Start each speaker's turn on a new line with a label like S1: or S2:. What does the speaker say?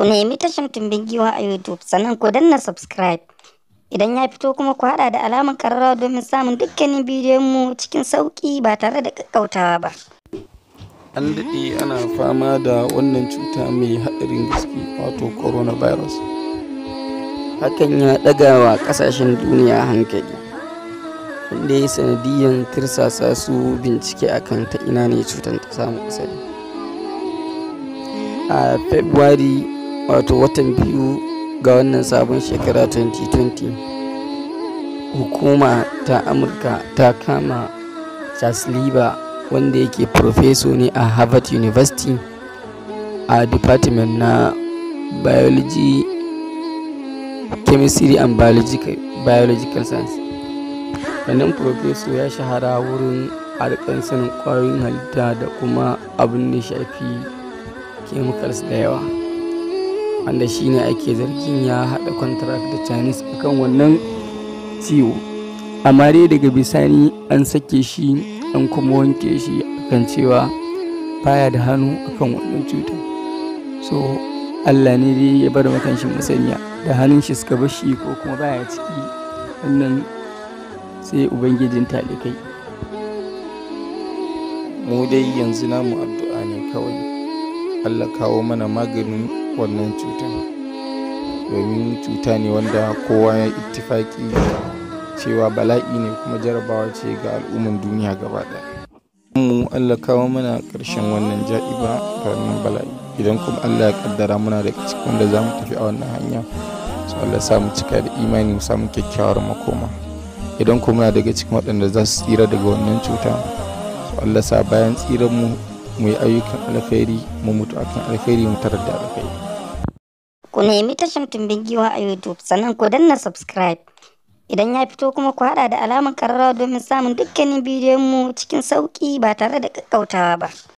S1: Ku nemi tashin tumbin giwa a YouTube sannan ku danna subscribe. Idan ya fito kuma ku haɗa da alamar ƙararrawa domin samun dukkanin bidiyon mu cikin sauki ba tare da kakkautawa ba.
S2: An daɗe ana fama da wannan cuta mai haɗarin gaske wato coronavirus. Hakan ya ɗaga wa ƙasashen duniya hankali. Wanda ya sanadiyan tirsasa su bincike akan ta ina ne cutar ta samu asali. a february wato watan biyu ga wannan sabon shekara 2020 hukuma ta amurka ta kama charles lieber wanda yake profeso ne a harvard university a department na biology chemistry and biological, biological science wannan profeso ya shahara wurin harkar sanin kwayoyin halitta da kuma abin da shafi chemicals da yawa wanda shine ake zargin ya haɗa contract da chinese akan wannan ciwo amma dai daga bisani an sake shi an kuma wanke shi akan cewa baya da hannu akan wannan cutar so allah ne dai ya bar makanshi musanya da hannun shi suka bashi ko kuma baya ciki wannan sai ubangijin talikai
S3: mu dai yanzu namu addu'a ne kawai allah kawo mana maganin wannan cutan domin cuta ne wanda kowa ya ittifaki cewa bala'i ne kuma jarabawa ce ga al'umman duniya gaba ɗaya mu Allah kawo mana ƙarshen wannan ja'iba da wannan bala'i idan kuma Allah ya kaddara muna da cikin wanda za mu tafi a wannan hanya su Allah samu cika da imani mu samu kyakkyawar makoma idan kuma muna daga cikin waɗanda za su tsira daga wannan cuta su Allah sa bayan tsiranmu mu mu yi ayyukan alkhairi mu mutu akan alkhairi mu tarar da alkhairi
S1: Ku nemi tashin tumbin giwa a YouTube sannan ku danna subscribe. Idan ya fito kuma ku haɗa da alamar ƙararrawa domin samun dukkanin bidiyon mu cikin sauƙi ba tare da ƙaƙƙautawa ba.